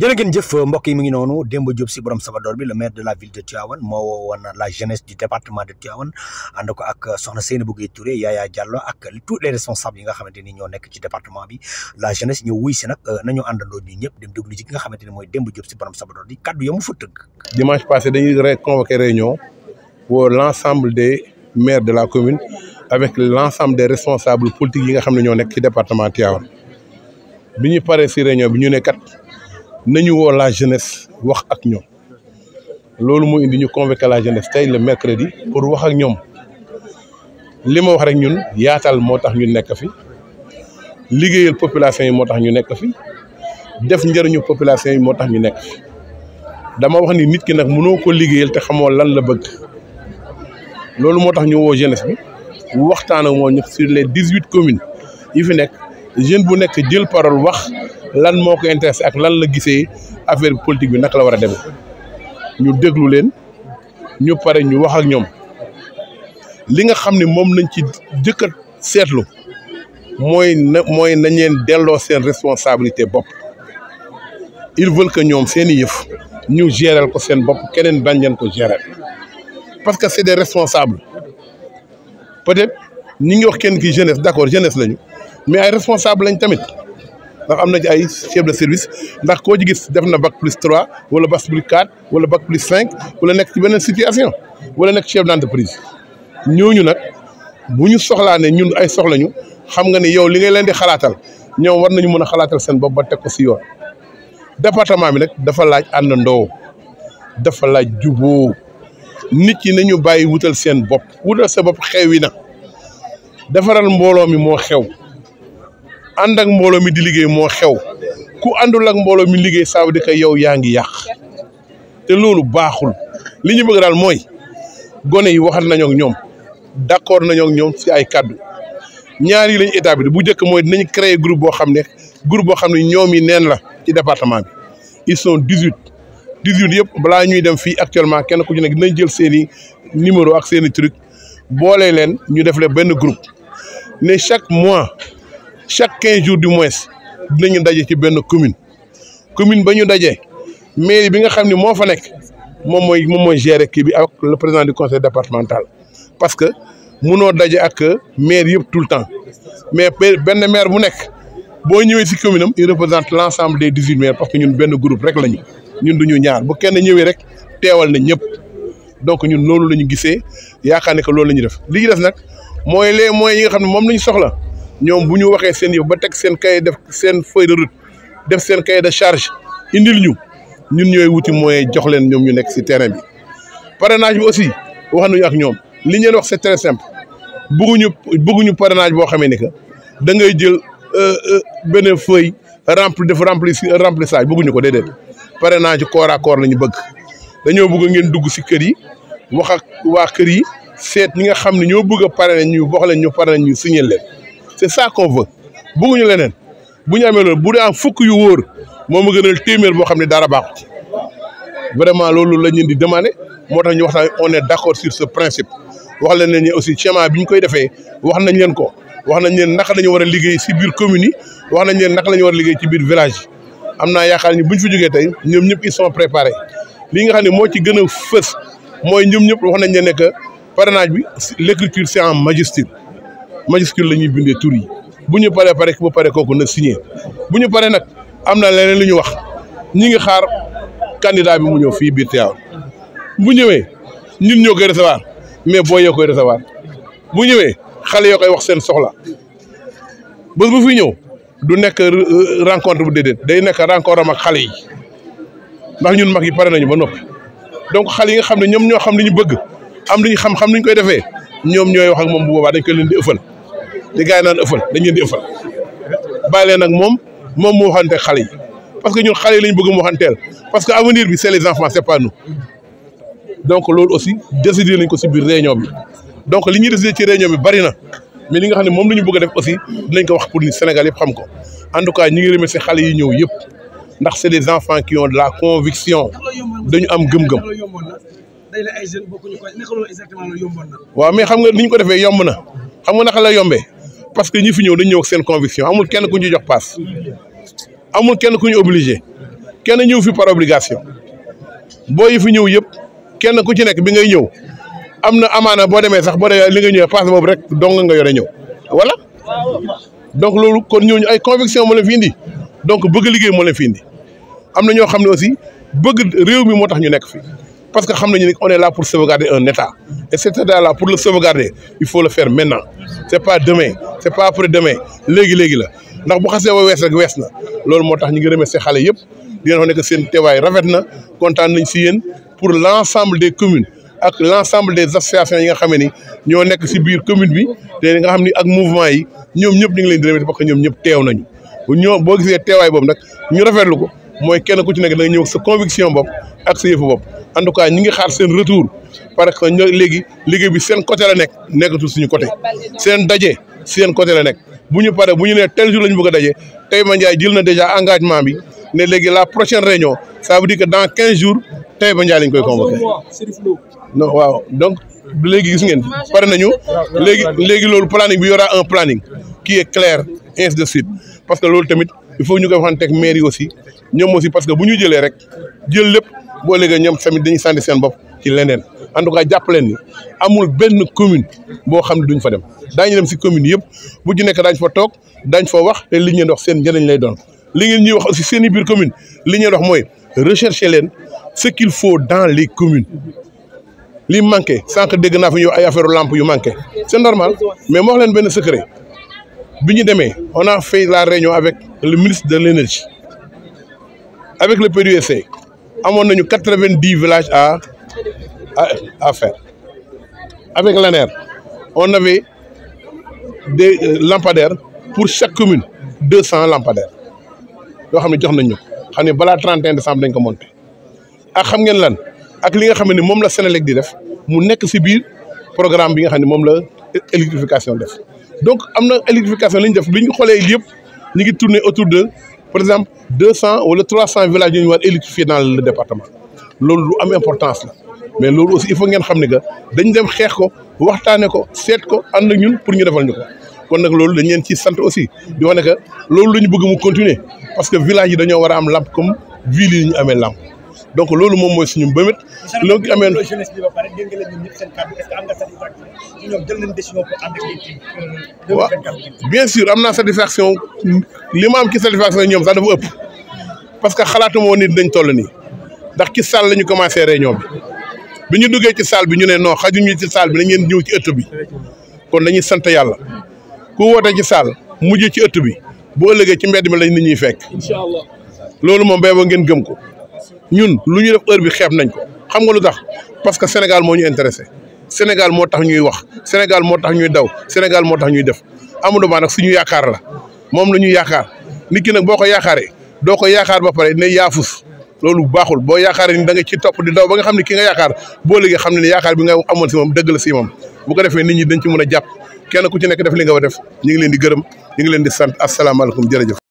jërë ngeen jëf mbokk yi mu ngi noonu Demba Diop si borom Sabador bi le maire de la ville de Tivaouane moo woo la jeunesse du département de Tivaouane ak soxna Seynabou Gueye Touré Yaya Diallo ak tous les responsables yi nga xamante ñoo nekk ci département bi la jeunesse ñëw wuy si nag euh, nañoo àndandoo ñi ñëpp dem déglu ji nga xamante ni mooy Demba Diop si borom Sabador di kaddu yamu fa tëgg dimanche passé dañuy convoqué réunion pour l'ensemble de la xam ne ñoo nekk ci département Tivaouane bi nañu woo la jeunesse wax ak ñoom loolu moo indi ñu convoqué la jeunesse tey le mercredi pour wax ak ñoom li ma wax rek ñun yaatal moo tax ñu nekk fi liggéeyal population yi moo tax ñu nekk fi def njëriñu population yi moo tax ñu nekk dama wax ni nit ki nag mënoo ko liggéeyal te xamoo lan la bëgg loolu moo tax ñu woo jeunesse bi waxtaan ak moo ñu sur les dix-huit communes yi fi nekk. jeune bu nekk jël parole wax lan moo ko intéressé ak lan la gisee affaire politique bi naka la war a demee ñu déglu leen ñu pare ñu wax ak ñoom li nga xam ni moom lañ ci jëkk seetlu mooy na mooy nañ leen delloo seen responsabilité bopp il veulent que ñoom seen i yëf ñu gérer ko seen bopp keneen bañ leen ko gérer parce que c'est des responsables peut-être ñi ngi wax kenn ki jeunesse d'accord jeunesse lañu. mais ay responsable lañ tamit ndax am na ci ay chef de service ndax koo ci gis def na bac plus trois wala bac plus quatre wala bac plus cinq wala nekk ci beneen situation wala nekk chef d' entreprise ñooñu nag bu ñu soxlaa ne ñun ay soxlañu xam nga ni yow li nga leen di xalaatal ñoom war nañu mën a xalaatal seen bopp ba teg ko si yoon département bi nag dafa laaj àndandoo dafa laaj juboo nit ñi nañu bàyyi wutal seen bopp wutal sa bopp xew yi na defaral mbooloo mi moo xew ànd ak mbooloo mi di liggéey moo xew ku àndul ak mbooloo mi liggéey ça di kay que yow yaa ngi yàq te loolu baaxul li ñu bëgg daal mooy gone yi waxat nañook ñoom d'accord nañoo ak ñoom si ay kàddu ñaar yi lañu état bu njëkk mooy dinañ créer groupe boo xam ne group boo xam ne ñoom yi neen la ci département il ils sont dix huit dix yëpp balaa ñuy dem fii actuellement kenn ku ci nekk dinañ jël seeni i numéro ak seen i truc boole leen ñu def leen benn groupe ne chaque mois chaque quinze jours du moins dinañu daje ci benn commune commune ba ñu dajee mairie bi nga xam ne moo fa nekk moom mooy moom mooy gérer kii bi ak le président du conseil départemental parce que munoo daje ak maire yëpp tout le temps mais benn maire bu nekk boo ñëwee si commune am il représente l' ensemble des dix parce que ñu benn groupe rek lañu ñun du ñu ñaar bu kenn ñëwee rek teewal na ñëpp donc ñun loolu la ñu gisee yaakaar ne que loolu la ñuy def li ñu def nag mooy les moyens yi nga xam ne moom la ñu soxla. ñoom bu ñu waxee seen yëf ba teg seen cahier def seen feuille def seen cahier de charge indil ñu ñun ñooy wuti mooy jox leen ñoom ñu nekk si terrain bi. parrainage bi aussi wax nañu ak ñoom li ñu leen wax c'est très semp bëgguñu bëgguñu parrainage boo xamee ni que da ngay jël euh, euh, benn feuille rempli def rempli remplissage bëgguñu ko déedéet parrainage corps à corps la ñu bëgg dañoo bëgg ngeen dugg si kër yi wax ak waa kër yi seet ñi nga xam ne ñoo bëgg a parrainer ñu wax leen ñu parrainer ñu signer leen. c'est ça qu'on veut bëgguñu leneen bu ñu amee loolu bu dee am fukk yu wóor moom mu gënal téeméer boo xam ne dara baaxut vraiment loolu la ñu di demander moo tax ñu waxtaan on est d'accord sur ce principe wax leen ne ñu aussi schéma bi ñu koy defee wax nañ leen ko wax nañ leen naka la war a liggéey si biir commune yi wax nañ leen naka la ñu war a liggéey ci biir village am naa yaakaar ni buñ ñu fi jógee tey ñoom ñëpp ils sont préparés li nga xam ne moo ci gën a fës mooy ñoom ñëpp wax nañ ne que parrainage bi l'écriture c'est en majuscule la ñuy bindee tur yi bu ñu paree pare bu paree kooku na signé bu ñu paree nag am na leneen lu ñu wax ñi ngi xaar candidat bi mu ñëw fii biir Tivaouane bu ñëwee ñun ñoo koy recevoir mais boo yoo koy recevoir bu ñëwee xale yoo koy wax seen soxla bés bu fi ñëw du nekk euh, rencontre bu déedéet day nekk rencontre am ak xale yi ndax ñun mag yi pare nañu ba noppi donc xale yi nga xam ne ñoom ñoo xam li ñu bëgg am li ñu xam xam li ñu koy defee ñoom ñooy wax ak moom bu boobaa dañ koy di ëffal. di gars yi naan ëffal dañ leen di ëffal bàyyi moom moom mu waxante xale yi parce que ñun xale yi lañ bëgg mu waxanteel parce que avenir bi c'est les enfants c'est pas donc loolu aussi décider lañ ko si biir réunion bi donc li ñuy décider ci réunion bi bari na mais li nga xam ne moom la ñu bëgg a def aussi dinañ ko wax pour ni Sénégal yëpp xam ko en tout cas ñu ngi remercier xale yi ñëw yëpp ndax c'est des enfants qui ont de la conviction dañu am gëm-gëm. waaw mais xam nga ni ñu ko defee yomb na xam nga naka la yombe parce que ñi fi ñëw dañu ñëw ak seen conviction amul kenn ku ñu jox paas amul kenn ku ñu obligé kenn ñëw fi par obligation boo yi fi ñëw yëpp kenn ku ci nekk bi ngay ñëw am na amaana boo demee sax boo demee li nga ñëwee paas boobu rek dong nga yore ñëw voilà donc loolu kon ñooñu ay conviction moo fi indi donc bëgg liggéey moo leen fi indi am na ñoo xam ne aussi bëgg réew mi moo tax ñu nekk fi parce que xam nañu qu'on est là pour sauvegarder un État. Et cet État-là, pour le sauvegarder, il faut le faire maintenant. Ce n'est pas demain, ce n'est pas après-demain. Légui, légui, là. Donc, si vous avez un West, lol motax ñi ngi remercier xalé yépp di leen nek seen téway na contane nañ ci yeen pour l'ensemble des communes ak l'ensemble des associations yi nga xamé ni ñoo nek ci biir commune bi té nga xamni ak mouvement yi ñoom ñëpp ñu ngi leen di remercier parce que ñom ñëpp téw nañu ñoo bo teewaay boobu bobu ñu rafetlu ko mooy kenn ku ci nekk da ñëw sa conviction bopp ak sa yëfu bopp en tout cas ñi ngi xaar seen retour pare que ñoo léegi liggéey bi seen côté la nekk nekkatul suñu côté seen daje seen côté la nekk bu ñu paree bu ñu nee tel jour la ñu a daje Taïba Ndiaye jël na déjà engagement bi ne léegi la prochaine réunion ça veut dire que dans quinze jours Taïba Ndiaye la ñu koy convoqué non waaw donc léegi gis ngeen pare nañu léegi léegi loolu planning bi y aura un planning qui est clair ainsi de suite parce que loolu tamit il faut ñu koy waxanteeg maire yi aussi ñoom aussi parce que bu ñu jëlee rek jël lépp boo léegi ñoom tamit dañuy sànni seen bopp ci leneen en tout cas jàpp ni amul benn commune boo xam ne duñ fa dem daañu dem si commune yëpp bu ci nekk daañu fa toog daañ fa wax li ngeen wax seen njëriñ lay doon li ngeen ñuy wax aussi seen i biir li ngeen wax mooy rechercher leen ce qu'il faut dans les communes li manqué sànq dégg naa fi ñu ay affaire lampe yu manqué c'est normal mais moo wax leen benn secret bi ñu demee on a fait la réunion avec le ministre de l'énergie avec le PUDC amoon nañu quatre-vingt-dix villages à à à faire avec l'ANER on avait des euh, lampader pour chaque commune deux cents lampader yoo xam ne jox nañ ñu xam ne balaa de décembre dañ ko monter ak xam ngeen lan ak li nga xam ne moom la Senelec di def mu nekk ci biir programme bi nga xam ne moom la. électrification def donc am na électrification la ñu def bi ñu xoolee yëpp ñu ngi tourner autour de par exemple deux cent wala trois cent village yu ñu war électrifier dans le département loolu lu am importance la mais loolu aussi il faut ngeen xam ne que dañ dem xeex ko waxtaane ko seet ko am na ñun pour ñu defal ñu ko kon nag loolu dañ leen ciy sant aussi di wax ne que loolu la bëgg mu continuer parce que village yi dañoo war a am làmp comme ville yi ñu amee làmp donc loolu moom mooy suñu mbëmët. loo gi amee jeunesse bi ba pare dégg nga am nga satisfaction ñoom jël nañ euh, am naa satisfaction li ma ñoom sax dafa ëpp parce que xalaatuma woon ni dinañ toll nii ndax ci salle la ñu commencé réunion bi bi ñu duggee ci salle bi ñu ne non xajuñu ci salle bi nañ leen ñëw ci ëtt bi kon dañuy sant yàlla ku woote ci salle mujj ci ëtt bi bu ëllëgee ci mbedd mi lañ nit ñuy fekk. incha loolu moom bay ba ngeen gëm ko. ñun lu ñu def heure bi xeeb nañ ko xam nga lu tax parce que Sénégal moo ñu intéressé Sénégal moo tax ñuy wax Sénégal moo tax ñuy daw Sénégal moo tax ñuy def Amadou Ba nag suñu yaakaar la moom la ñu yaakaar nit ki nag boo ko yaakaaree doo yaakaar ba pare ne yaafus loolu baaxul boo yaakaaree ni da nga ci topp di daw ba nga xam ne ki nga yaakaar boo léegi xam ne ne yaakaar bi nga amoon si moom dëgg la ko defee ni ñi dañ ci mun a jàpp kenn ku ci nekk def li nga war def ñu ngi leen di gërëm ñu ngi leen di sant asalaamaaleykum jërëjëf